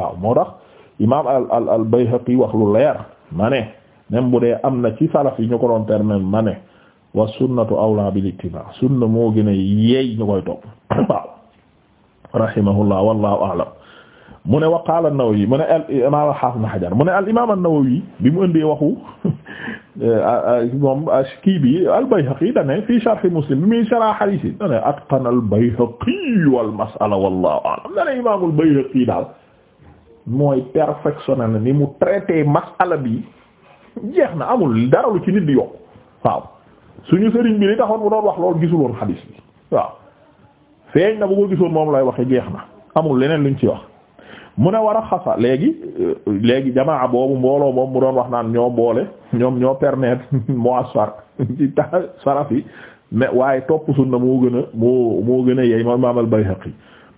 waaw moo tax imaam al al al Bayhaqi wax lu leer ma ne même bu dee am na ci salaf yi ñu ko doon permettre ma ne wa sunnatu awla bil ittiba sunna moo gën a yeey ñu koy topp waaw rahimahullah wallahu a'lam mu ne wa qaala an-Nawawi mu ne al imaam al-Haafiz Hajar mu ne al imaam an-Nawawi bi mu ëndee waxu eh, moom kii bi al-Bayhaqi da ne fii sharh Muslim bi muy sharh hadiis yi da ne atqana al-Bayhaqi wal mas'ala wallahu a'lam da ne imaam al-Bayhaqi daal mooy perfectionné na ni mu traité masala bi jeex na amul dara ci nit di yokk waaw suñu sëriñ bi li taxoon mu doon wax loolu gisuloon xadiis bi waaw feeñ na bu gisoon moom lay waxe jeex na amul leneen luñ ci wax mu ne war a xasa léegi euh, léegi jamaa boobu mbooloo moom mu doon wax naan ñoo boole ñoom ñoo permettre mu asfar ci ta saraf yi mais waaye topp na moo gën a moo moo gën a yey ma imam al Bayhaqi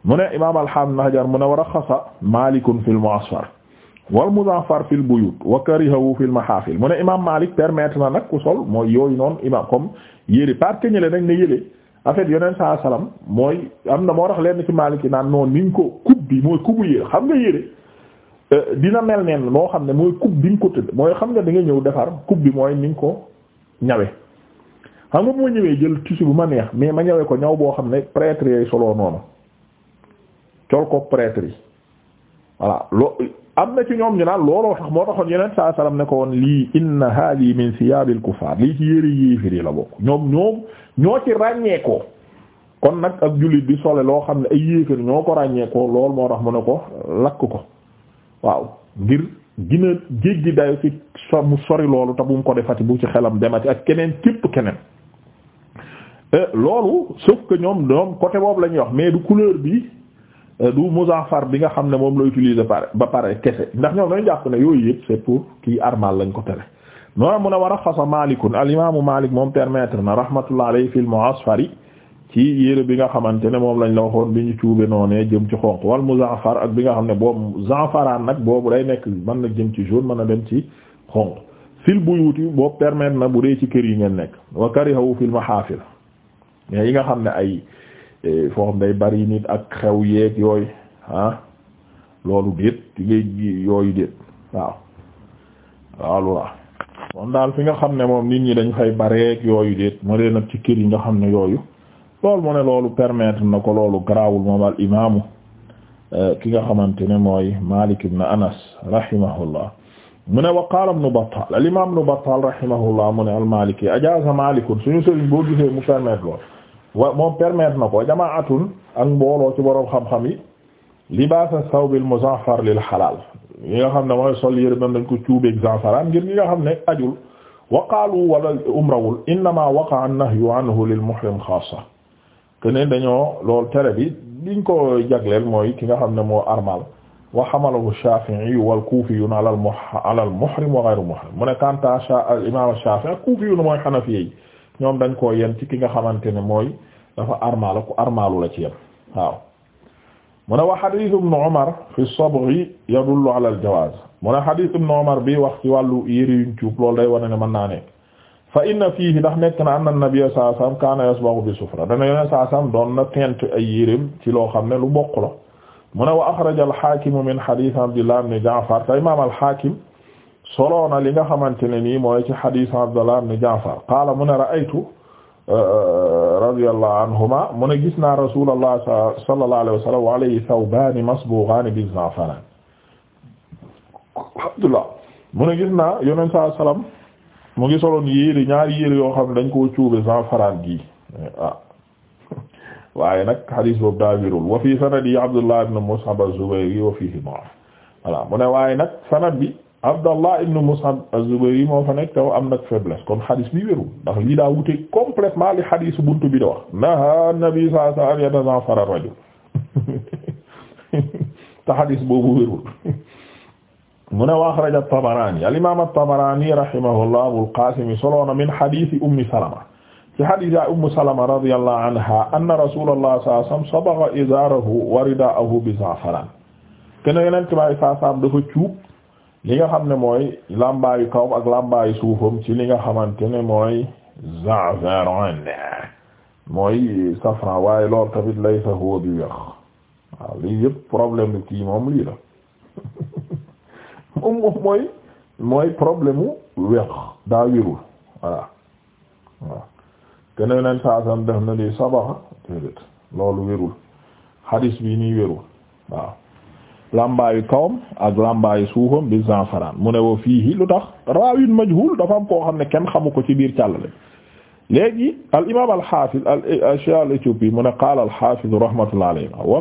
mu ne imaam al-Haafiz Ibn Hajar mu ne wa raxxasa Maalikun fil mu'asfar wal muzaffar bu buyut wa karihahu fil mahaafil mu ne imaam Maalik permettre na nag ku sol mooy yooyu noonu imaam comme yére parce que ñële nag ne yére en fait yoneen saa salaam mooy am na moo tax lenn ci Maalik yi naan noonu ni ko coupe bi mooy coupe yére xam nga yére euh, dina mel neen noo xam ne mooy coupe bi ko mooy xam nga di nga ñëw defar coupe bi mooy ni nga ko ñawe xam nga moo ma ñëwee jël tissu bu ma neex mais ma ñawee ko ñaw boo xam ne prêtre yay soloo noonu col ko prêtre yi voilà loo am na ci ñoom ñu naan looloo tax moo taxoon yeneen saa ne ko woon lii inna hadi min siyaabil kufaar lii ci yëre yéefir la bokk ñoom ñoom ñoo ci ràññeekoo kon nag ak jullit bi sole loo xam ne ay yéefir ñoo ko ràññeekoo lool moo tax mu ne ko lakk ko waaw ngir gina jéggi dayo ci so mu sori loolu te mu ko defati bu ci xelam demati ak keneen képp keneen eh, loolu sauf ñoom ñoom côté boobu lañuy ñuy wax mais du couleur bi Euh, du muzaffar bi nga xam ne moom la utiliser pare ba pare kese ndax ñoom dañu jàpp ne yooyu yëpp c'est pour kii armal lañ ko tere noonu mun a war a xasa malikun al imaamu malik moom permettre na rahmatullah alayhi fil mu'asfari ci yére bi nga xamante ne moom lañ la waxoon bi ñu cuube noonee jëm ci xonq wal muzaffar ak bi nga xam ne boobu zanfaraan nag boobu day nekk mën na jëm ci jaune mën na dem ci xonq fil buyuti boobu permettre na bu dee ci kër yi ngeen nekk wa karihahu fil mahafil mais yi nga xam ne ay Eh, foo xam day bari nit ak xew yeeg yooyu ah, loolu déet ci yooyu déet waaw waaw lu moom daal fi nga xam ne moom nit ñi dañ fay bareeg yooyu déet mu dee nag ci kër yi nga xam ne yooyu lool mu ne loolu permetre na ko loolu garaawul moom al imaamu eh, ki nga xamante ne mooy Malik ibn Anas rahimahullah mu ne wa nu ibn Battal al imaam ibn Battal rahimahullah mu ne al Maliki ajaaza Malikun suñu sëriñ boo gisee mu permettre loolu wa moom permettre na ko jamaatun ak mbooloo ci borom xam-xam yi libaasa sawbil muzaffar lil xalaal ñi nga xam ne mooy sol yére bam dañ ko cuubeeg zanfaraan ngir ñi nga xam ne ajul wa qaalu wala umrawul innama waqa'a an-nahyu anhu lil muhrim xaassa keneen dañoo loolu tere bi liñ ko jagleel mooy ki nga xam ne moo armal wa hamalahu Shafi'i wal Kufiyun ala al muhrim wa ghayr muhrim mu ne kanta imam Shafi'i Kufiyun mooy Hanafiyyi ñoom dañ ko yem ci ki nga xamante ne mooy dafa armaala ku armaalu la ci yem waaw mu ne wa hadith ibn Umar fi sabghi yadullu ala al jawaz mu ne hadith ibn bi wax ci wàllu yëri yuñ cuub loolu day wane ne mën naa nekk fa inna fiihi ndax nekk na anna nabiyya sallallahu alayhi wasallam kaana yasbaghu bi sufra dana yoneen doon na tent ay yérim ci loo xam ne lu bokk la mu ne wa axraja al min hadith Abdillah Ja'far te imam al solo na li nga xamante ne nii mooy ci hadith Abdullah ibn Ja'far qaala mu ne ra'aytu uh, radiyallahu anhuma mu ne gis naa rasulullah sallallahu alayhi wa sallam wa alayhi thawbaani masbughaani bi-za'faraan Abdullah mu ne gis naa yonent saa salaam mu ngi soloon yéere ñaari yéere yoo xam ne dañ koo cuube za'faraan gi ah waaye nag hadith boobu daa wérul wa fii sanadi Abdallah ibn Mus'ab az-Zubayri moo fa nekk taw am nag faiblesse kon xadis bi wérul ndax lii daa wute complètement li xadisu buntu bi da wax naha nabi sallallahu alayhi wa sallam yatasanfara rajul te xadis boobu wérul mu ne wa axraja at-Tabarani al-imam at-Tabarani rahimahullah Abul Qasim soloona min xadisi ummi Salama ci xadis ya ummu Salama radiyallahu anha anna rasulullah sallallahu alayhi wa sallam sabagha izarahu wa ridaahu bi za'faran kenn yeneen tubaab yi saa saam dafa cuub li nga xam ne mooy lambaayu kawam ak lambaayu suufam ci li nga xamante ne mooy za'faran mooy safran waaye loolu tamit laysa huwa bi weex waaw lii yëpp problème bi kii moom lii la moom moom mooy mooy problème mu weex daa wirul voilà waaw kenn yeneen saasam def na di sabaxa déedéet loolu wérul xadis bi nii wérul waaw lambaayu kawam ak lambaayu suufam bi zanfaraan mu ne woo fii lu tax raawin majhul dafa am koo xam ne kenn xamu ko ci biir càllale léegi al imaam al xaafiz al cheikh al éthiopie mu ne qaala al xaafiz rahmatullah alayhi wa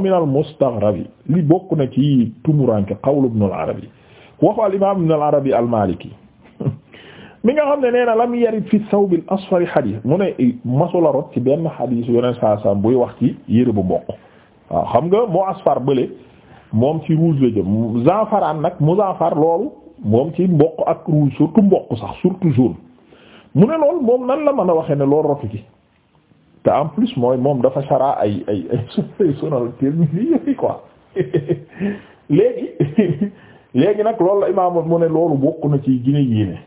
li bokk na ci tumuranke qawlu ibn al arabi waxu al imaam ibn al mi nga xam ne nee na lam yarid fi thawb al asfar hadith mu ne masula ci benn hadith yeneen saa saa buy wax ci yére bu mboq waaw xam nga moo asfar bële. moom ci rouge la jëm zanfaraan nag muzafar loolu moom ci mboq ak rouge surtout mboq sax surtout jaune mu ne loolu moom nan la mën a waxee ne loolu rotu ci te en plus mooy moom dafa sara ay ay ay sonal Tirmidhi yooyu quoi léegi léegi nag loolu la imaam mu ne loolu bokk na ci gine yéene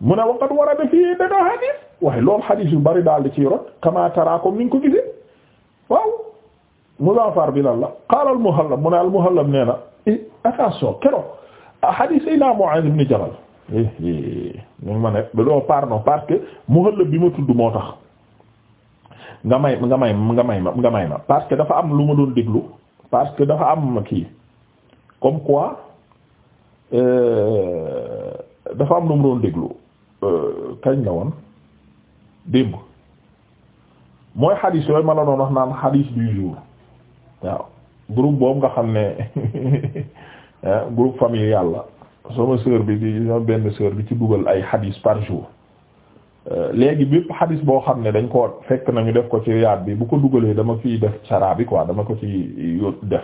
mu ne waqad warada fii daga hadis waaye loolu hadis yu bari daal di ci rot kama tara comme ni nga ko gisee waaw Muzaffar bi lan la qaala al-Muhallab mu ne al-Muhallab nee na attention keroog ah hadith Seydina Mu'aaz ibn Jabal eh, eh, ñu ma ne doo pardon parce que Muhallab bi ma tudd moo tax nga may nga may nga may ma nga ma parce que dafa am lu ma doon déglu parce que dafa am kii comme euh, am lu ma doon déglu euh, kañ la woon démb mooy hadith yooyu ma la doon wax naan hadith du jour waaw groupe boobu nga xam ne ah, groupe familial la sama sœur bi bi sama benn sœur bi ci dugal ay hadis par jour euh, léegi bépp hadis boo xam ne dañ ko fekk nañu def ko ci yaat bi bu ko dugalee dama ciy def sara bi dama ko ci yót def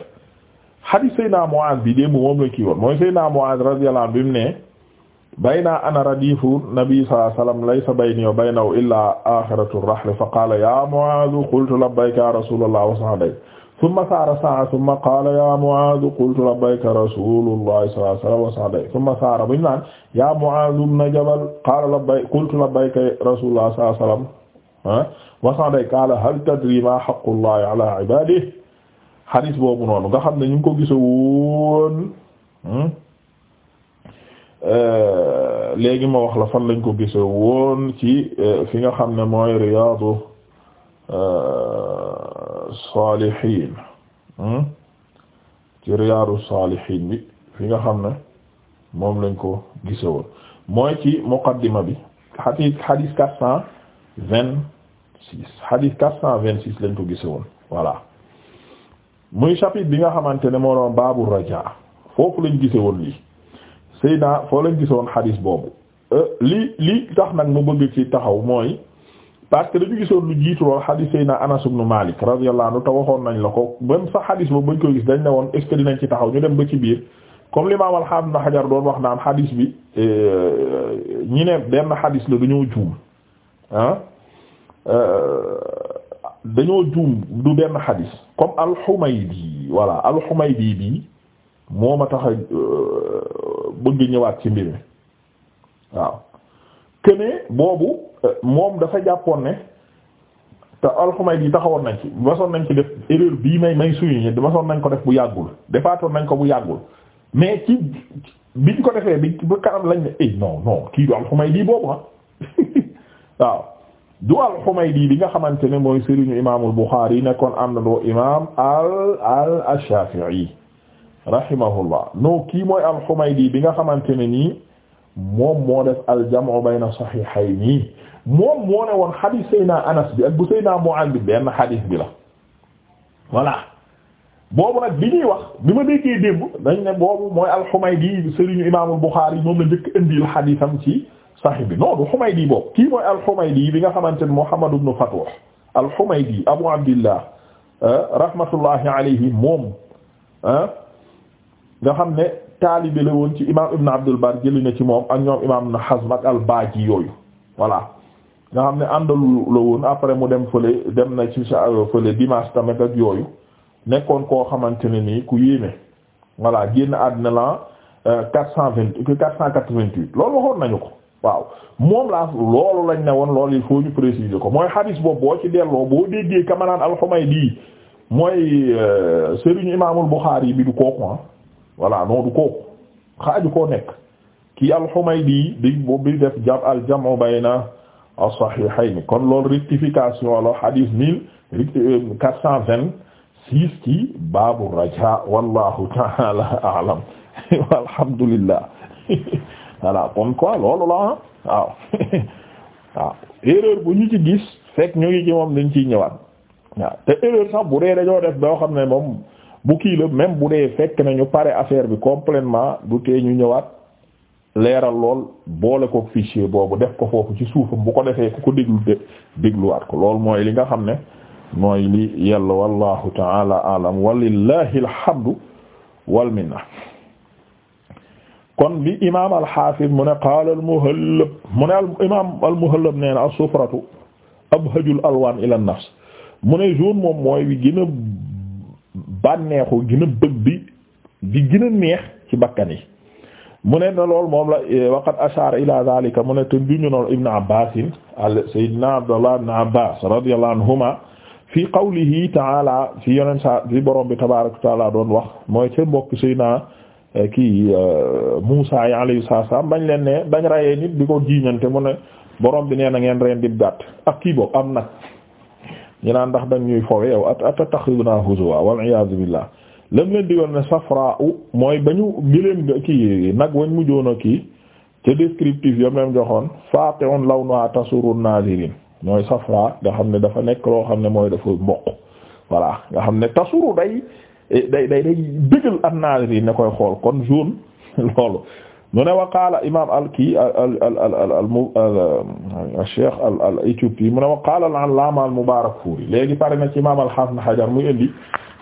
hadis Seydina Mu'aaz bi mu moom la kii woon mooy Seydina Mu'aaz radiyallahu anhu bi mu ne bayna ana radifu nabi sallallahu alayhi wasallam laysa bayni wa baynahu illaa axiratu rahl fa qaala ya Mu'aaz qultu labbayka ya rasulallah wa sa'dayk summa saara saa summa qaala yaa Mu'aaz qultu labbayka rasuulullaah sallallaahu alayhi wa sallam summa saara bu ñu naan yaa Mu'aaz ibn Jabal qaala labbayka qultu labbayka rasuulullaah sallallaahu alayhi wa sallam wa sa'dayka qaala hal tadrii maa haqqullaahi alaa ibaadihi hadis boobu noonu nga xam ne ñu ngi ko gisa woon hmm? euh, léegi ma wax la fan lañ ko gisa woon ci euh, fi nga xam ne mooy Riyaadu euh, saalihiin hmm? ci riyaadu saalihiin bi fi nga xam ne moom lañ ko gise woon mooy ci muqaddima bi xadis xadis quatre cent vingt six xadis quatre cent vingt six lañ ko gise woon voilà muy chapitre bi nga xamante ne moo doon baabu rajaa foofu lañ gise woon lii Seydina foo lañ gise woon xadis boobu euh, li li tax nag mu bëgg ci taxaw mooy parce que dañu gisoon lu jiitu lool xadiis Seydina Anas ibn Malik radiyallahu anhu te waxoon nañ la ko même sa xadiis boobu bañ koy gis dañ ne woon est dinañ ci taxaw ñu dem ba ci biir comme l'imam al-Hafiz Ibn Hajar doon wax naan xadiis bi euh, ñi ne benn xadiis la dañoo juum ah euh, dañoo juum du benn xadiis comme al-Humaydi voilà al-Humaydi bi tax euh, bëgg ñëwaat ci mbir mi waaw këne boobu euh, moom dafa jàppoon ne te Al-Humaydi taxawoon nañ ci masoon nañ ci def erreur bii may may souligner masoon nañ ko def bu yàggul defaatoon nañ ko bu yàggul mais ci biñ ko defee bi ba kanam lañ ne eh non kii du al boobu ah waaw du Al-Humaydi bi nga xamante ne mooy sëriñu imaamul Bukhari nekkoon am na doo imaam al al Shafi'i rahimahullah non kii mooy al bi nga xamante ne nii. moom moo def aljamu bayna sahihayni moom moo ne woon xadiis Anas bi ak bu Seyna Mu'adh bi benn xadiis bi la voilà boobu nag bi ñuy wax bi ma déggee démb dañ ne boobu mooy al-Humaydi sëriñu imaamul Buxaari moom la njëkk indil xadiisam ci Sahih bi non du Humaydi boobu kii mooy al-Humaydi bi nga xamante ne Muhammad ibn Fatwah al-Humaydi Abu Abdillah eh, rahmatullahi alayhi moom eh, taalibe la woon ci imaam Ibn Abdul Bar ci moom ak ñoom imaam Ibn Hazm ak al yooyu voilà nga xam ne àndalu la woon après mu dem fële dem na ci sa euh, fële dimanche tamit ak yooyu nekkoon koo xamante ne nii ku yéeme voilà génn àddina la euh, quatre cent vingt quatre cent quatre vingt loolu waxoon nañu ko waaw moom laa loolu lañ ne woon loolu il faut ñu préciser ko mooy xadis boobu boo ci delloo boo déggee kamanaan al-Humaydi mooy euh, sëriñu imaamul Buxaari bi voilà non ko kooku xaaju koo nekk kii al-Humaydi di bi def al-jam'u bayna as-sahihayn kon loolu rectification la hadith mille quatre cent vingt-six ci baabu wallahu ta'ala a'lam walhamdulillah kon quoi loolu la waaw waaw erreur bu ñu ci gis fekk ñu ci moom dañ ciy ñëwaat waaw te erreur sax bu dee dañoo def doo xam ne moom bu kii la même bu dee fekk nañu pare affaire bi complètement du tee ñu ñëwaat leeral lool boole ko fichier boobu def ko foofu ci suufam bu ko defee ku ko déglu dégluwaat ko loolu mooy li nga xam ne mooy li yàlla wallahu taala alam alhamdu wal minna kon bi imaam alxaafid mu ne qaala almuhallab mu ne imaam almuhallab nee na assufratu abhajul alwaan ila nafs mu ne jaune moom mooy bi bànneexu gën a bëgg bi di gën neex ci bakkan yi mu ne na lool moom la eh, waqad ashara ila zalika mu ne te duñu noonu ibn abbas al sayyidina abdullah ibn abbas radiyallahu anhuma fi qawlihi ta'ala fi yonen sa fi borom bi tabaaraka wa ta'ala doon wax mooy ca mbokk sayyidina eh, kii eh, Muusaa yi alayhi salaam bañ leen ne bañ rayee nit di ko jiiñante mu ne borom bi nee na ngeen reen di gàtt ak kii boobu am nag ñu naan ndax dañ ñuy fowe yow at at taxiduna huzuwa wal iyaazu billah lam leen digoon ne safra u mooy ba ñu gëléem nga kii nag wañ mujjoon a kii ca descriptif yam leen joxoon faati'un lawnuha tasurru nazirin mooy safra nga xam ne dafa nekk loo xam ne mooy dafa mboq voilà nga xam ne tasuru day eh, day day day dëggal an nazirin ne koy xool kon jaune loolu mu ne waqaala imaam al kii al al al al al cheikh al al éthiopie mu ne waqaala al allaama al Mubaarakfuuri léegi pare na ci imaam al Haafiz Hajar muy indi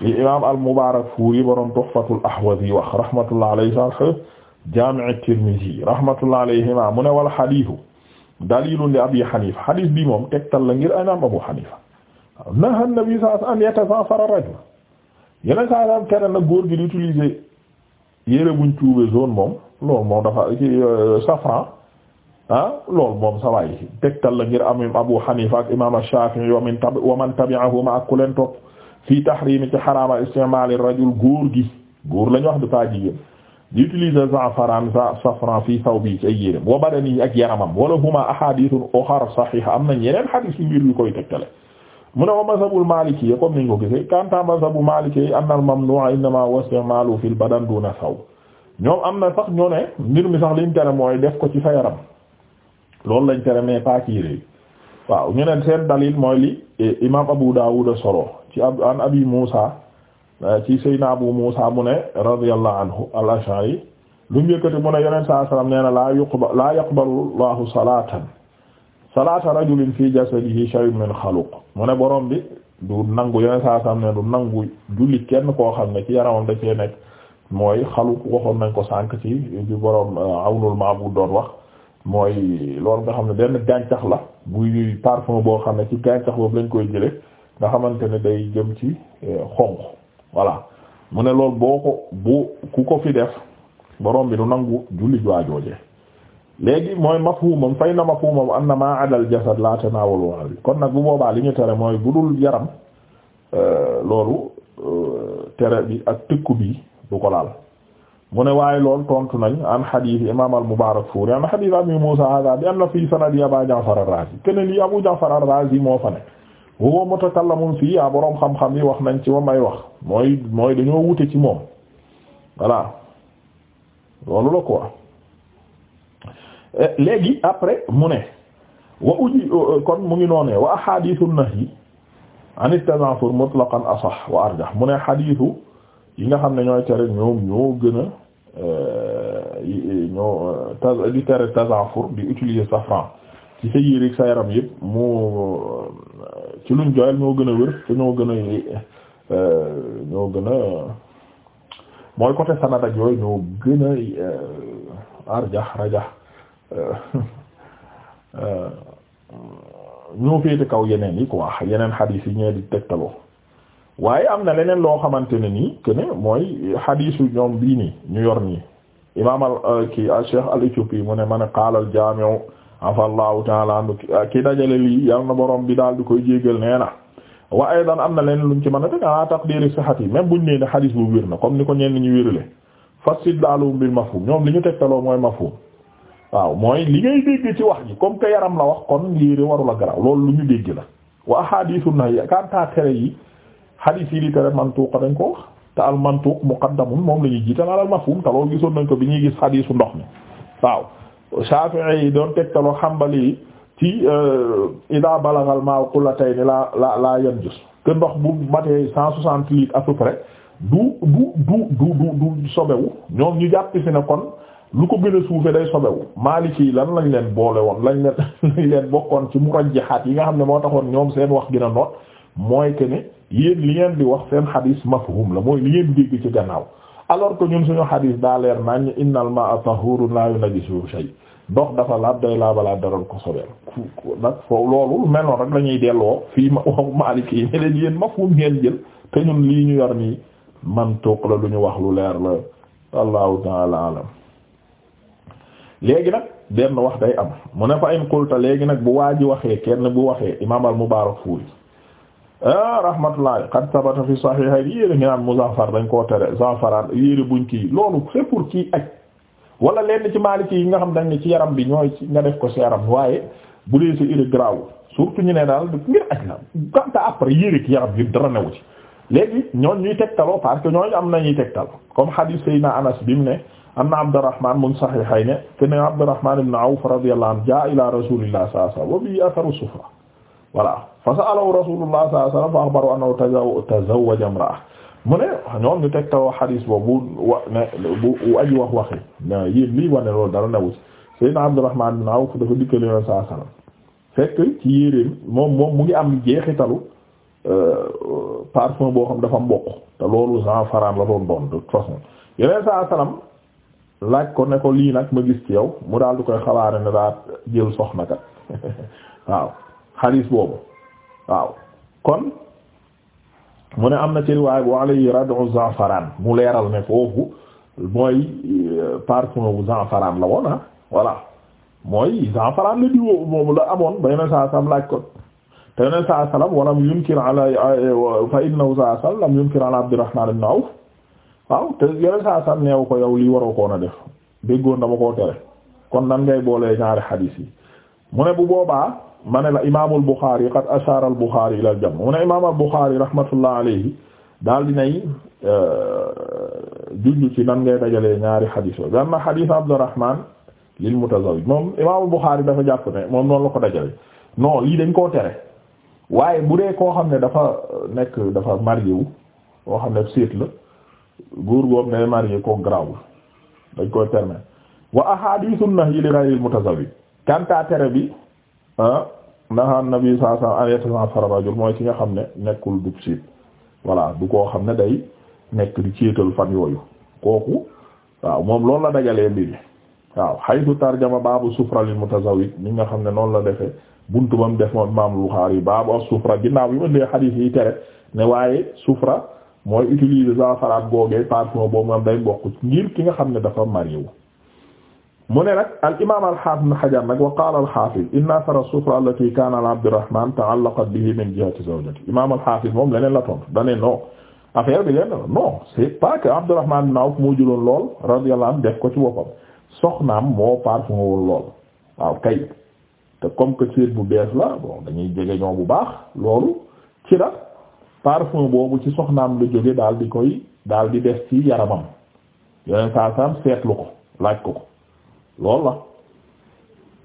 li imaam al Mubaarakfuuri borom Tuhfatul Ahwazi wax rahmatullahi alayhi sharh Jaami' Tirmizi rahmatullahi alayhimaa mu ne wal hadiisu daliilun li Abii Haniifa hadiis bi moom tegtal la ngir imaam Abu Haniifa nahaa an-nabii sallallaahu alayhi wa sallam an yatazaafara rajul yeneen saa yi daal tere na góor gi di utiliser yére buñ tuubee zone moom. loolu moom dafa ci euh, safran ah loolu moom sa waay tegtal la ngir am Abu Hanifa ak imaam Shafi'i wa min tabi wa man tabi'ahuma ak ku leen a fii tahrimi ci xaraama istimaali rajul góor gi góor lañu wax dafa jigéen di utiliser za'faran safran fii thawbi ci ay yéreem wa badani ak yaramam wala huma ahadithun ukhar sahiha am na yeneen hadith yu mbir yu koy tegtale mu ne wa mazhabul maliki comme niñ ko kanta mazhabu maliki anna al mamnu'a innama wastimaalu fil badan duna ñoom am na sax ñoo ne mbir mi sax liñ tere mooy def ko ci sa yaram loolu lañ tere mais pas ci yére waaw ñu seen dalil mooy li eh, imaam Abu Dawud solo ci ab an Abi Musa eh, ci Seydina Abu mu ne radiyallahu anhu al-Ash'ari lu njëkkati mu ne yeneen saa salaam nee la laa yuqba laa yaqbalu Allahu salaatan salaata rajulin fi jasadihi shay'un min xaluq mu ne borom bi du nangu yeneen saa salaam ne du nangu julli kenn koo xam ne ci yaramam da cee nekk. mooy xalu waxoon nañ ko sànq ci bi boroom euh, awnul ma'bud doon wax mooy loolu nga xam ne benn gàncax la buy parfum boo xam ne ci gàncax boobu lañ koy jële nga xamante ne day jëm ci euh, xonq voilà mu ne loolu boo ko bu ku ko fi def borom bi du nangu julli jooje léegi mooy mafhumam fay na mafhumam na ma adal jasad la tanawul wa kon nag bu boobaa li ñu tere mooy bu dul yaram euh, loolu tere bi ak tëkku bi du ko laal mu ne waaye lool tontu nañ an hadith imam al-Mubarakfuri an hadith abi Musa hada bi anna fi sanadi Aba Ja'far ar-Razi keneen li Abu Ja'far ar-Razi moo fa ne huwa mutakallamun fii yaa ah, boroom xam-xam yi wax nañ ci wa may wax mooy mooy dañoo wute ci moom voilà loolu la quoi eh, léegi après mu ne wa uji kon mu ngi noonee wa ahadithu nahyi an at-tanaafur mutlaqan asah wa arjah mu ne hadithu yi nga xam ne ñooy tere ñoom ñoo gën a euh, ñoo euh, ta di tere tasaafour di utiliser safran ci sa yéreeg sa yaram yëpp moo euh, ci luñ joyal ñoo gën a wér te ñoo gën a ñoo gën a mooy côté sanad ak yooyu ñoo gën a arjax rajax ñoo féete kaw yeneen yi quoi yeneen xadiis yi ñee di tegtaloo waaye am na leneen loo xamante ne nii que ne mooy xadiisu ñoom bii nii ñu yor nii imaam al euh, kii ah, Cheikh al Éthiopie mu ne man qaala al jaami'u afallahu ta'ala anhu ah, ki dajale lii yal na borom bi daal di koy jéggal nee na wa aydan am na leneen luñ ci mën a teg ala taqdiri sihhati même buñ nee ne xadiis bu wér na comme ni ko ñenn ñu wérale fastidlaalu bil mafhum ñoom li ñu tegtaloo mooy mafhum waaw mooy li ngay dégg ci wax comme que yaram la wax kon yéere warul a garaw lu ñu la wa ahadiisu yi hadith yi di tere mantuuqa dañ ko wax te al mantuuq muqaddamun moom la ñuy jiital al mafhum te loolu gisoon nañ ko bi ñuy gis hadisu ndox mi waaw Shafi'i yi doon tegtaloo xàmbali yi ci euh, ida balagal maa qullatayn la la la yanjus que ndox bu matee cent soixante litres à peu près du du du du du du sobewu ñoom ñu jàpp si ne kon lu ko gën a suufee day sobewu Maliki yi lan lañ leen boole woon lañ leen lañ leen bokkoon ci murajjihaat yi nga xam ne moo taxoon ñoom seen wax gën mooy que ni yéen li ngeen di wax seen xadis mafhum la mooy li ngeen dégg ci gannaaw alors que ñun suñu xadis daa leer nañ innal ma'a tahurun la yunajjisu shay ndox dafa laab day laabalaa daral ko sobeel nag foofu loolu mel noonu rek la ñuy delloo fii ma waxu Maalik yi ne leen yéen mafhum ngeen jël te ñun lii ñu yor nii man tuuq la lu ñu wax lu leer la allahu taala alam léegi nag benn wax day am mu ne fa in qulta léegi nag bu waa ji waxee kenn bu waxee imaam al Mubaarak fuuri Ah, rahmatullah qad sabata fi sahihayn yéeré ngi naan muzaffar dañ koo tere zafaran yéeré buñ kii loolu c'est pour kii aj wala lenn ci maaliki yi nga xam dañ ne ci yaram bi ñooy nga def ko ci yaram waaye bu dee sa urée grave surtout ñu ne daal ngir aj la quant à après yéeré ci yaram bi dara newu ci léegi ñoon ñuy tegtaloo parce que ñooñu am nañuy tegtal comme hadith Seydina Anas bi mu ne anna Abdurrahman mun sahihayn ne te ne Abdurrahman ibn Awf radiyallahu anhu jaa ila rasulillah sallallahu alayhi wa sallam wa bi voilà fa sa'alahu rasulullah sallallahu alayhi wasallam fa akhbaru annahu tazawwaja imra'a mu ne ñoom ñu teg taw xadis boobu bu wa ne bu aji wax waxi loolu dara newu ci Seydina Abdurrahman ibn Awf dafa dikkale yoon saa salaam fekk ci yéreem moom moom mu ngi am jeexitalu euh, parfum boo xam dafa mboq te loolu zanfaran la doon doon de façon yeneen saa salaam laaj ko ne ko lii nag ma gis ci yow mu daal di koy xabaare ne daa jël soxna kat xadiis boobu waaw kon mu ne am na ci riwaay bu alayhi rad'u za'faran mu leeral ne foofu mooy euh, parfum bu za'faran la woon ah voilà mooy za'faran la diwoo moomu la amoon ba yeneen saa salaam laaj ko te yeneen saa salaam walam yunkir ala euh, fa innahu saa salaam yunkir ala Abdurrahman ibn Awf waaw te yeneen saa salaam neew ko yow lii waroo koon a def déggoon dama koo tere kon nan ngay boolee ñaari xadiis yi mu ne bu boobaa ma ne la imaamul Buxaari qad ashaara al Buxaari ila al jam mu ne imaamul Buxaari rahmatullah alayhi daal dinay euh, junj ci nan ngay dajalee ñaari xadiis yooyu am na xadiis Abdurrahman lil mutazawwij moom imaamul Buxaari dafa jàpp ne moom noonu la ko dajale non lii dañ koo tere waaye bu dee koo xam ne dafa nekk dafa marié wu koo xam ne séet la góor góor ne marié ko garaawul dañ koy permettre wa ahadithun nahyi li ghayril mutazawwij kanta tere bi naha na sallallahu alayhi wa sallam an yatasaffara mooy ci nga xam ne nekkul dub siit voilà du koo xam ne day nekk di céetal fan yooyu kooku waaw moom lool la dajalee mbiri waaw haytu tarjama baabu sufra lil mutazawwij ni nga xam ne noonu la defee buntu bam def moom imam Bukhari baabu as-sufra ginnaaw bi ma dee xadiis yi tere ne waaye sufra mooy utiliser sa faraat googee parfum boobu moom day bokk ngir ki nga xam ne dafa marié mu ne nag al imaam al haafiz ibn hajar nag wa qaala al haafiz inna athara sufra allati kaana ala abdurrahman ta'allaqat bihi min jihati zawjati imaam al haafiz moom leneen la tontu dane non affaire bi leen non c'est pas que abdurrahman ibn awf moo jëloon lool radiyallahu anhu def ko ci boppam soxnaam moo parfum woon lool waaw kay te comme bu bees la dañuy jege ñoo bu baax loolu ci la parfum boobu ci soxnaam la jóge daal di koy daal di des ci yaramam yeneen saa saam laaj ko loolu la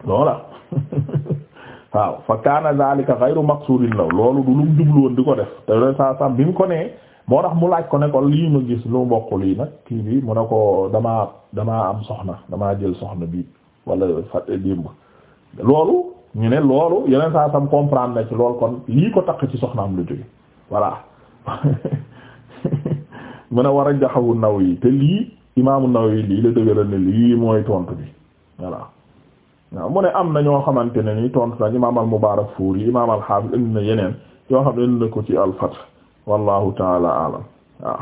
loolu la waaw fa kaana di ko def te loolu saa saa bi mu ko nee moo tax mu laaj ko ne ko lii ma gis lu bokk lii nag kii bi mu ne ko damaa damaa am soxna damaa jël soxna bi wala fat démb loolu ñu ne loolu yeneen saa sam comprendre na ci loolu kon lii ko takk ci soxnaam lu jóge voilà mu ne war a jaxawu naw yi te lii imaamu naw yi lii la dëgëral ne lii mooy tontu bi voilà waaw mu ne am na ñoo xamante ne ni tontu na imaam al-Mubaarak Fuuri yi imaam al-Haafiz indi na yeneen yoo xam ne indi na ko ci al-Fath wallahu taala alam waaw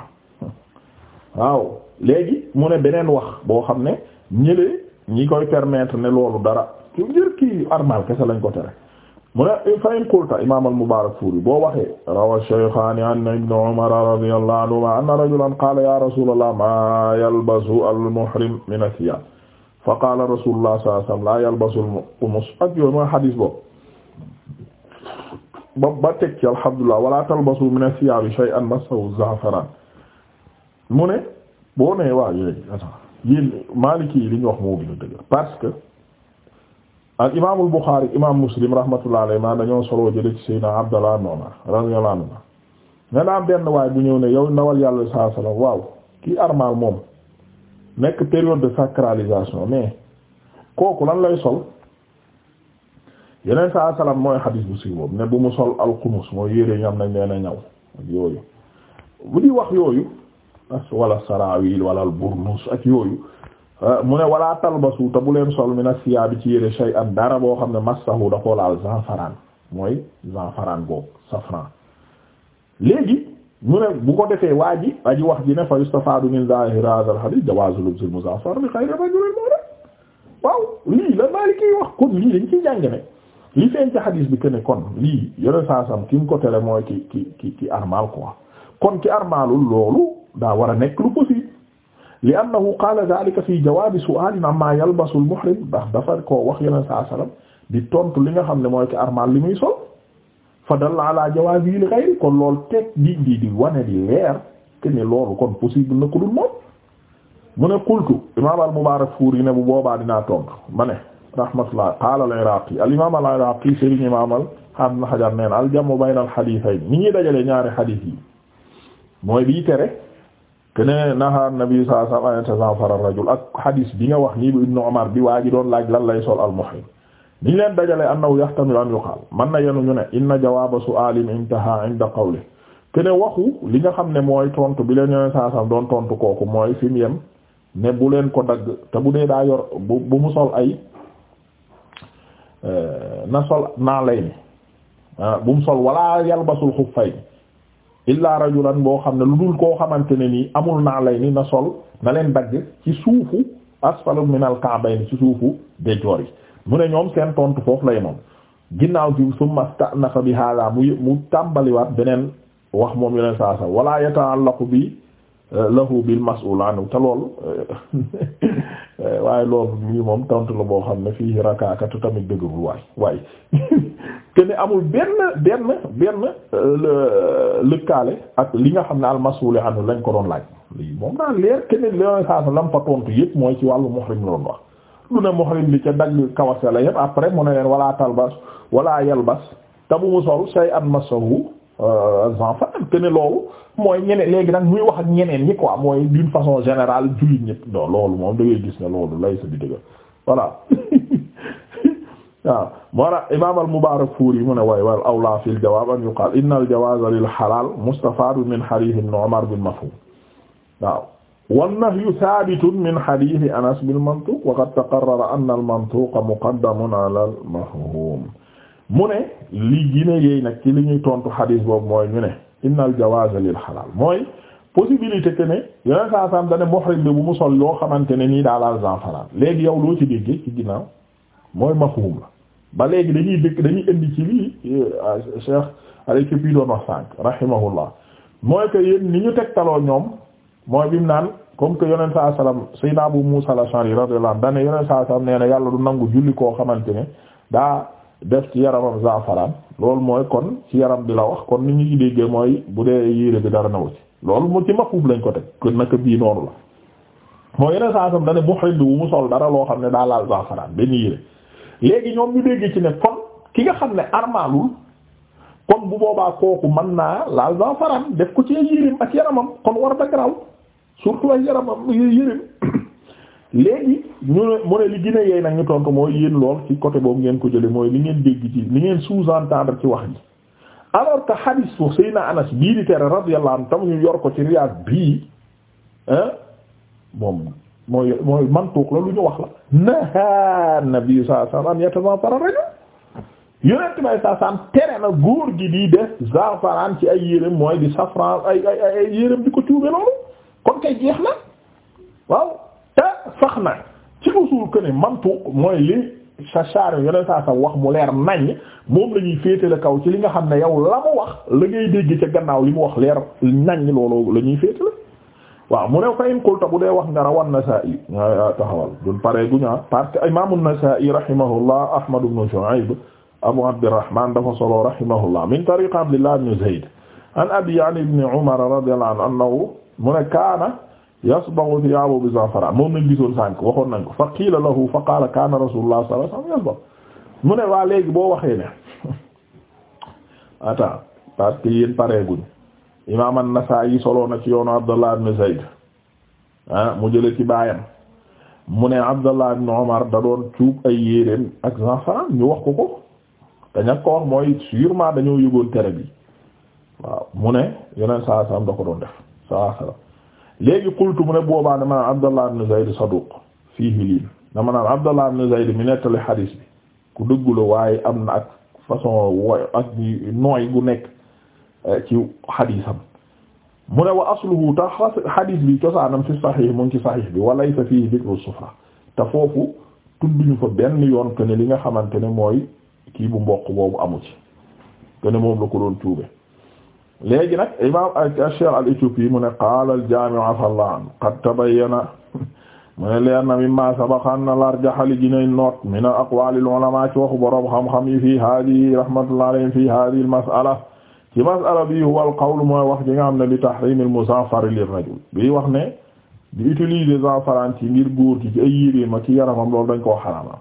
waaw léegi mu ne beneen wax boo xam ne ñëlee ñi koy permetre ne loolu dara ci njër kii armal kese lañ ko tere mu ne fa in qulta imaam al-Mubaarak Fuuri boo waxee rawa shaykhaani an ibn Umar radiyallahu anhuma rajulan qaala ya rasulallah ma yalbasu al-muhrim min athiyaab fa qaala rasulullah sallallahu la yalbasul xumus ak yooyu mooy ba ba teg ci alhamdulillah min as-siyaabi shay'an massahu az-za'faran mu ne boo nee Maliki yi li ñu wax moo gën a dëgg Muslim rahmatullahi alayhi maa dañoo solo jële ci Seydina Abdallah ibn Umar radiyallahu anhu ne naa benn waay bu ñëw ne yow ndawal yàlla sallallahu nekk période de sacralisation mais kooku lan lay sol yeneen sa salaam mooy xadiis bu siiw boobu ne bu mu sol alxumus mooy yére ñam nañ leen a ñaw ak yooyu bu di wax yooyu walla sarawil wala al burnus ak yooyu ah, mu ne wala talbasu te bu leen sol mi nag siyaa bi ci yére shay'an dara boo xam ne massahu da koo laal zanfaran mooy zanfaran boobu safran léegi mu ne bu ko defee waa ji aji wax ji ne fa yustafaadu min zaahir hadha al hadith jawaazu lubsil muzaffar li xayri rajulin mu'min waaw lii la Maliki wax kon lii dañ ciy jàng ne li feeñ ci hadith bi que ne kon lii yore saa ki mu ko tere mooy ki ki ki ki armal quoi kon ki armalul loolu daa war a nekk lu possible li annahu qaala dhalika fi jawaabi su'aalin amma yalbasu al muhrim ndax dafa koo wax yore saa salam di tontu li nga xam ne mooy ki armal li muy so fa dalla ala jawaazi li xayri kon loolu teg di di di wane di leer te ni kon possible na ko moom mu ne qultu imam al Mubarakfuri ne bu boobaa dinaa tontu ma ne rahmatullah qaala al Iraqi al imam al Iraqi sëriñ imam al haam na xajar neen al jamu bayna al hadithayn ni ñuy dajale ñaari hadith yi mooy bii tere kene naha nabi sallallahu alayhi wa sallam an yatazaffara rajul ak hadith bi nga wax nii bu Ibn Umar bi waa ji doon laaj lan lay sol al muhrim biñ leen dajalee annahu yahtamilu an yuqaal man na yenu ñu ne inna jawaaba su'aalin intaha inda qawli kene waxu li nga xam ne mooy tontu bi leen yoneen saa sam doon tontu kooku mooy fi mu yem ne bu leen ko dagg te bu dee daa yor bu bu mu sol ay euh, na sol naa lay ni ah, bu mu sol wala yalbasul xuffayni illaa rajulan boo xam ne lu dul koo xamante ne nii amul naa lay ni na sol na leen dagg ci suufu asfalu minal ka'bayni ci suufu de joor mu ne ñoom seen tontu foofu lay moom ginnaaw ci summa sta'nafa bi hada mu mu tàmbaliwaat beneen wax moom yeneen saa sa wala yata'allaqu bi eh, lahu bil mas'ul anhu te loolu eh, waaye loolu moom tontu la boo xam ne fii rakaakatu tamit dëggul waay waay te amul benn benn benn eh, lëkkaale ak li nga xam ne al mas'ul anhu lañ ko doon laaj lii moom daal leer kenn leneen saa sa lam fa tontu yëpp mooy ci wàllu muhrim la doon wax lu ne muhrim bi ca dagg kawas la yëpp après mu ne leen wala talbas wala yalbas te bu mu sol say an masahu zanfan euh, te loolu mooy ñeneen léegi nag muy wax ak ñeneen ñi mooy d'une façon générale jullit loolu moom da gis ne loolu lay sa bi dëgg voilà waaw moo tax imam al-Mubarakfuri mu ne waay wal awla fi al-jawab an yuqal inna al-jawaz lil halal mustafaad min hadith ibn Umar bil mafhum waaw wannahyu saabitun min hadiisi anas bil mantuuq wa qad taqarrara anna al mantuuqa muqaddamun ala al mafhuum mu ne li gine yéy nag ci li ñuy tontu hadis boobu mooy ñu ne innal jawaaza lil xalaal mooy possibilité que ne saa saam da ne bi bu mu sol yoo xamante ne nii daal al zafaran léegi yow loo ci déggee ci ginnaaw mooy mafhum la ba léegi dañuy dëkk dañuy indi ci lii euh, Cheikh Al-Koufi doon wax sànq rahimahullah mooy que yéen ni ñu tegtaloo ñoom mooy bi mu naan comme que yonent sa salaam Seydina Abu Muusa al-Ash'ari radiyallahu anhu dane yonent saa salaam nee na yàlla du nangu julli koo xamante ne daa def ci yaramam zaafaraan loolu mooy kon ci yaram bi la wax kon ni ñu ci déggee mooy bu dee yére bi dara nawu ci loolu mu ci mafub lañ ko teg kon naka bii noonu la mooy yeneen saa sam dane muhrim bu mu sol dara loo xam ne daa laal zaafaraan benn yére léegi ñoom ñu dégg ci ne kon ki nga xam ne armaalul kon bu boobaa kooku mën naa laal zaafaraan def ko ci yéreem surtout ay yaramam yërëm léegi ñu ne mu ne li gën a yeey nag ñu tontu mooy yéen lool ci côté boobu ngeen ko jële mooy li ngeen dégg ci li ngeen sous-entendre ci wax ji alors que hadis bu Seydina Anas bii di tere radiyallahu anhu tam ñu yor ko ci Riyad bii moom mooy man mantuuk la lu ñu wax la naha nabi sallallahu alayhi wasallam yatazaffara rajul yonent may saa saam tere na góor gi di def zafaran ci ay yérém mooy di safran ay ay ay yérém di ko cuube loolu kon kay jeex na waaw te sax na ci usul que ne mantu mooy li sa charo yeneen saa wax mu leer naññ moom la ñuy féetale kaw ci li nga xam ne yow la mu wax gannaaw li mu wax leer naññ loolu la ñuy féetale waaw mu ne fa in qulta bu dee wax nga rawan Nasaa'i taxawal dun pare guñaa parce que imam an-Nasaa'i rahimahullah Ahmad ibn Shu'ayb Abu Abdurrahman Abdullah ibn Zayd an abi an ibn Umar radiyallahu anhu mu ne kaana yasbagu thiyaabu bi za'faraan moom nañ gisoon sànk waxoon nañ ko fa qiila lahu fa qaala kaana rasuulullah sallallahu alayhi mu ne waa léegi boo waxee ne attends parce que yéen pareeguñ imaam an yi soloo na ci yoonu Abdullah ibn Zayd ah mu jële ci baayam mu ne Abdullah ibn Umar da doon cuub ay yéreem ak za'faraan ñu wax ko ko te mooy sûrement dañoo yëgoon tere bi waaw mu ne yeneen saa saam da ko doon def saa salaam léegi qultu mu ne boobaa dama naan Abdallah ibn Zayd saduq fiihi liin dama naan Abdallah ibn Zayd mi nettali xadiis bi ku dëggu la waaye am na ak façon woy ak nooy gu nekk eh, ci xadiisam mu ne wa asluhu tax xadiis bi cosaanam fi saxiix mu ngi ci saxiix bi wa laysa fiihi dikru sufra te foofu tudduñu fa benn yoon que li nga xamante ne mooy kii bu mboq boobu amu ci que ne moom la ko doon tuube. léegi nag imam Cheikh al-Éthiopie mu ne qaala al-Jaami' afallah an qad tabayyana mu ne leer na mimma sabaqa anna larjaha li ginay noot min aqwaali al-ulamaa ci waxu boroom xam-xam yi fii haadihi rahmatullahi alayhim fii haadihi al-mas'ala ci mas'ala bi huwa al-qawl mooy wax ji nga xam ne li tahriim al-muzaffar lir-rajul bi wax ne di utiliser zaafaraan ci ngir góor gi ci ay yéreem ak ci yaramam loolu dañ koo xaraamal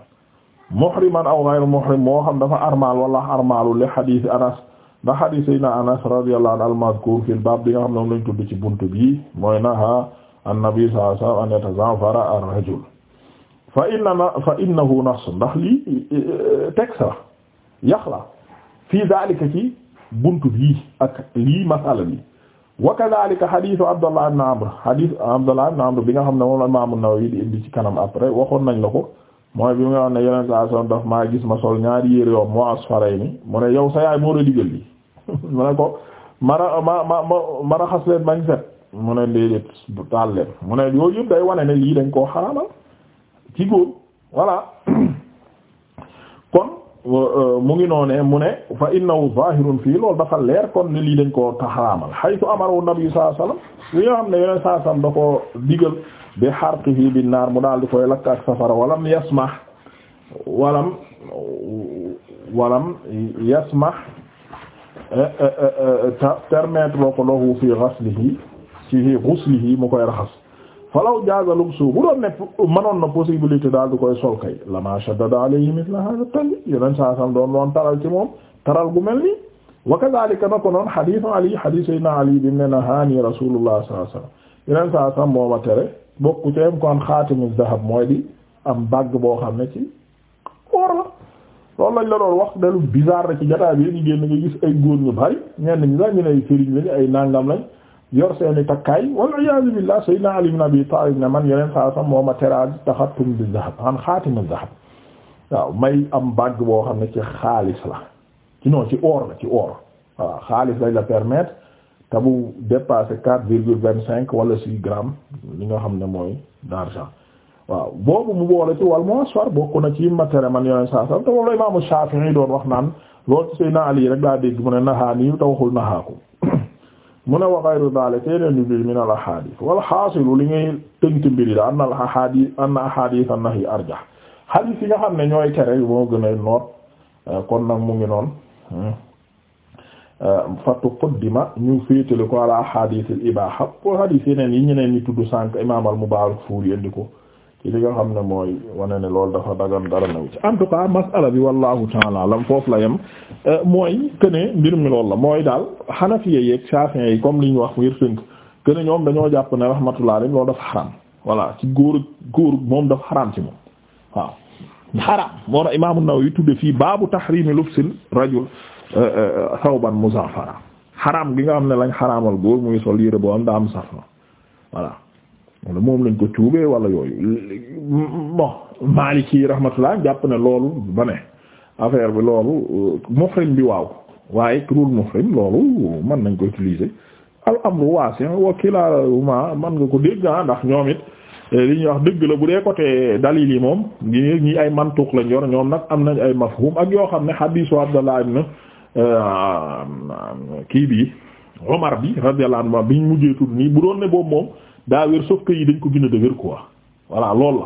muhriman aw ghayr muhrim moo xam dafa armaal wala armaalu li hadiis Anas ndax hadith sayna anas radiyallahu anhu al-mazkur fil baab bi nga xam ne moom lañ tudd ci buntu bi mooy naha an-nabi sallallahu alayhi wa sallam an yatazafara ar-rajul fa inna fa ndax lii e, e, e, texte la yàq la fii daalika ci buntu bii ak lii masala bi wa kadhalika hadithu Abdullah ibn Amr hadith Abdullah ibn Amr bi nga xam ne moom la Imam An-Nawawi di indi ci kanam après waxoon nañ ko mooy bi nga xam ne yeneen saa gis ma sol ñaari yére yoo mu asfarayni mu ne yow ma ne ko mara ma ma bañ set mu ne léegi taal leen mu ne yooyu day wane ne lii dañ koo xaraamal ci góor voilà kon euh, mu ngi noonee mu ne fa innahu zahirun fii loolu dafa leer kon ne lii dañ koo taxaraamal haytu amaru nabi sallallahu alayhi wasallam li nga xam ne yeneen saa da koo digal bi harqihi bin naar mu daal di koy lakk ak safara walam yasmah walam walam yasmah Euh, euh, euh, permettre ko lahu fi ghaslihi ci ghuslihi mu koy raxas falaw jaaza lubsu bu doon ne mënoon na possibilité daal du koy sol kay lama shaddada alayhi mithla hadha talbi yeneen saa sam doon loon gu mel nii wa kadhalika na ko noon hadith ali hadith sayyidina ali bi ne na haani rasulullah sallallahu alayhi wasallam yeneen saa sam mooma tere bokku ci am kon xaatimu zahab mooy am bagg boo xam ne ci loolu lañ la doon wax dalu bizarre na ci jotaay bi nga gis ay góor ñu bari ñenn ñi sax ne ay sëriñ lañ ay nangam lañ yor seeni takkaay wal iyaazu billah sayyidina Ali ibn Abi Talib ne man yeneen saa sax moo ma teraal taxatum bi zahab an xaatima zahab waaw may am bàgg boo xam ne ci xaalis la ci non ci or la ci or voilà xaalis lañ la permettre te bu dépasser quatre virgule vingt cinq wala six grammes li nga xam ne mooy d'argent waaw boobu mu boole ci wal mu'asfar bokk na ci matére man yoneen saa sam te moom la imaamu Shafi'i doon wax naan loolu ci Seydina Ali rek laa dégg mu ne nahaani yu te waxul nahaakum mu ne wa ghayru dhalika yeneen yu bir min al ahadith wal haasilu li ngay tënk mbir yi an al ahadith an ahadith an nahi arjah hadith yi nga xam ne ñooy tere yi moo gën a noot kon nag mu ngi noonu hmm. fa tuqaddima ñu féetale ko ala ahadith al ibaha ko hadith yeneen yi ñeneen ñi tudd sànq imam al Mubarak Furi indi ko ci li nga xam ne mooy wane ne loolu dafa dagan dara naw ci en tout cas masala bi wallahu taala alam foofu la yem euh, mooy que ne mbir mi loolu la mooy daal xanafiye yeeg saafin yi comme li ñu wax ngir sënk que ne ñoom dañoo jàpp ne rahmatullah alayhi loolu dafa xaram voilà ci góor góor moom daf xaram ci moom waaw xaram moo tax imaamu Nawawi tudde fii baabu tahrimi lubsil rajul sawban euh, euh, muzafara xaram gi nga xam ne lañ xaraamal góor muy sol yére boo am daa am safna voilà wala moom lañ ko cuubee wala yooyu bon Maliki rahmatullah jàpp ne loolu ba ne affaire bi loolu euh, muhrim bi waaw waaye turul muhrim loolu mën nañ ko utiliser al amru wasi' wa kilahuma man nga ko dégg ah, ndax ñoom it euh, li ñuy wax dëgg la bu dee côté dalil yi moom ñi ñi ay mantuq lañu yor ñoom nag am nañ ay mafhum ak yoo xam ne hadisu Abdallah ibn euh, kii bi Umar bi radiyallahu anhu biñ mujjee tudd nii bu doon ne boobu moom daa wér sauf que yi dañ ko gën a dëgër quoi voilà loolu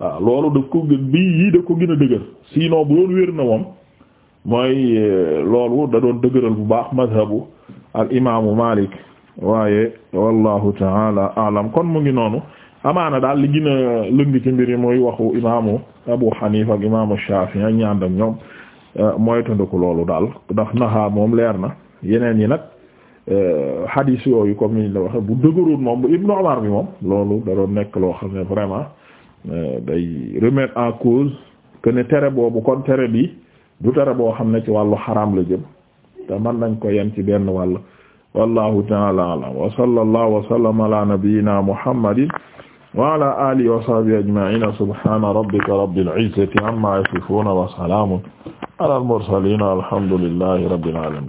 la waaw loolu daf ko bii yii daf ko gën a dëgër sinon bu doon wér na moom mooy euh, loolu da doon dëgëral bu baax madhabu al imaamu Malik waaye wallahu taala alam kon mu ngi noonu amaana daal li gën a lëng ci mbir yi mooy waxu imaamu Abu Hanifa ak imaamu Shafi ak ñaar ak ñoom euh, mooy tëndu loolu daal ndax naxaa moom leer na yeneen yi nag. Euh, hadith yooyu comme ni ñu la waxee bu dëgëroon moom bu Ibnu Umar bi moom loolu da doon nekk loo xam ne vraiment euh, day remettre en cause que ne tere boobu kon tere bi du tere boo xam ne ci wàllu xaraam la jëm te mën nañ ko yem ci benn wàll wallahu ta'ala a'lam wa sallallahu wa sallama ala nabiyyina muhammadin wa ala alihi wa sahbihi ajma'ina subhana rabbika rabbil izzati amma yasifun wa salamun ala al mursalin alhamdulillahi rabbil alamin